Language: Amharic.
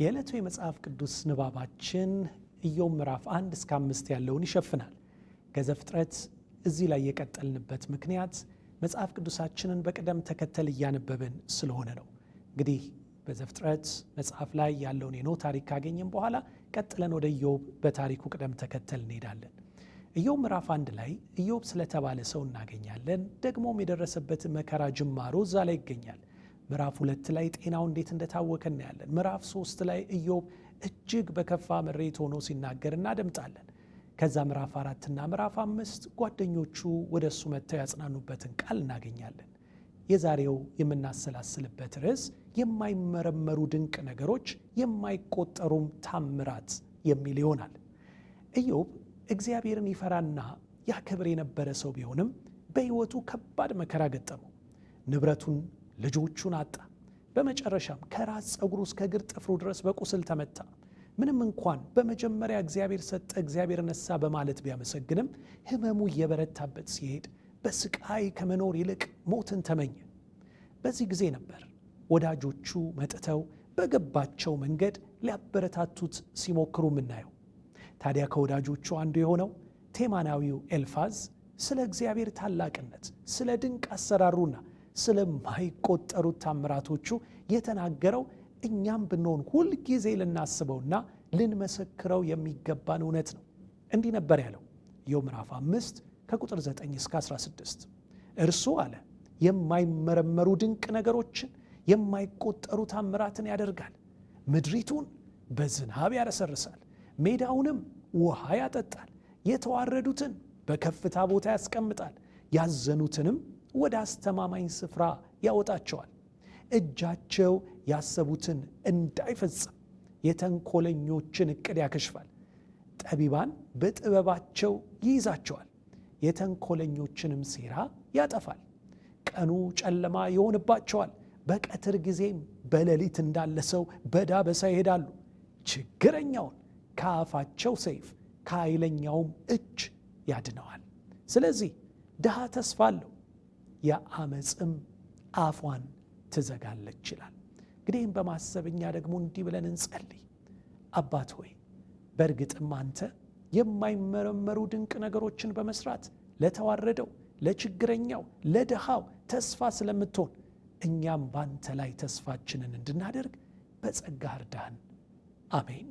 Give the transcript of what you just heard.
የዕለቱ የመጽሐፍ ቅዱስ ንባባችን ኢዮብ ምዕራፍ አንድ እስከ አምስት ያለውን ይሸፍናል። ገዘፍጥረት እዚህ ላይ የቀጠልንበት ምክንያት መጽሐፍ ቅዱሳችንን በቅደም ተከተል እያነበብን ስለሆነ ነው። እንግዲህ በዘፍጥረት መጽሐፍ ላይ ያለውን የኖ ታሪክ ካገኘን በኋላ ቀጥለን ወደ ኢዮብ በታሪኩ ቅደም ተከተል እንሄዳለን። ኢዮብ ምዕራፍ አንድ ላይ ኢዮብ ስለተባለ ሰው እናገኛለን። ደግሞም የደረሰበት መከራ ጅማሮ እዛ ላይ ይገኛል። ምዕራፍ ሁለት ላይ ጤናው እንዴት እንደታወከ እናያለን። ምዕራፍ ሶስት ላይ ኢዮብ እጅግ በከፋ ምሬት ሆኖ ሲናገር እናደምጣለን። ከዛ ምዕራፍ አራትና ምዕራፍ አምስት ጓደኞቹ ወደ እሱ መጥተው ያጽናኑበትን ቃል እናገኛለን። የዛሬው የምናሰላስልበት ርዕስ የማይመረመሩ ድንቅ ነገሮች የማይቆጠሩም ታምራት የሚል ይሆናል። ኢዮብ እግዚአብሔርን ይፈራና ያከብር የነበረ ሰው ቢሆንም በሕይወቱ ከባድ መከራ ገጠመው። ንብረቱን ልጆቹን አጣ። በመጨረሻም ከራስ ጸጉሩ እስከ እግር ጥፍሩ ድረስ በቁስል ተመታ። ምንም እንኳን በመጀመሪያ እግዚአብሔር ሰጠ፣ እግዚአብሔር ነሳ በማለት ቢያመሰግንም ሕመሙ እየበረታበት ሲሄድ በስቃይ ከመኖር ይልቅ ሞትን ተመኘ። በዚህ ጊዜ ነበር ወዳጆቹ መጥተው በገባቸው መንገድ ሊያበረታቱት ሲሞክሩ የምናየው። ታዲያ ከወዳጆቹ አንዱ የሆነው ቴማናዊው ኤልፋዝ ስለ እግዚአብሔር ታላቅነት ስለ ድንቅ አሰራሩና ስለማይቆጠሩት ታምራቶቹ የተናገረው እኛም ብንሆን ሁልጊዜ ልናስበውና ልንመሰክረው የሚገባን እውነት ነው። እንዲህ ነበር ያለው ኢዮብ ምዕራፍ 5 ከቁጥር 9 እስከ 16 እርሱ አለ የማይመረመሩ ድንቅ ነገሮችን የማይቆጠሩ ታምራትን ያደርጋል። ምድሪቱን በዝናብ ያረሰርሳል፣ ሜዳውንም ውሃ ያጠጣል። የተዋረዱትን በከፍታ ቦታ ያስቀምጣል፣ ያዘኑትንም ወደ አስተማማኝ ስፍራ ያወጣቸዋል። እጃቸው ያሰቡትን እንዳይፈጽም የተንኮለኞችን እቅድ ያከሽፋል። ጠቢባን በጥበባቸው ይይዛቸዋል፣ የተንኮለኞችንም ሴራ ያጠፋል። ቀኑ ጨለማ ይሆንባቸዋል። በቀትር ጊዜም በሌሊት እንዳለ ሰው በዳበሳ ይሄዳሉ። ችግረኛውን ከአፋቸው ሰይፍ ከኃይለኛውም እጅ ያድነዋል። ስለዚህ ድሃ ተስፋ አለው። የአመፅም አፏን ትዘጋለች ይላል። እንግዲህም በማሰብ እኛ ደግሞ እንዲህ ብለን እንጸልይ። አባት ሆይ በእርግጥም አንተ የማይመረመሩ ድንቅ ነገሮችን በመስራት ለተዋረደው፣ ለችግረኛው፣ ለድሃው ተስፋ ስለምትሆን እኛም ባንተ ላይ ተስፋችንን እንድናደርግ በጸጋ እርዳን። አሜን።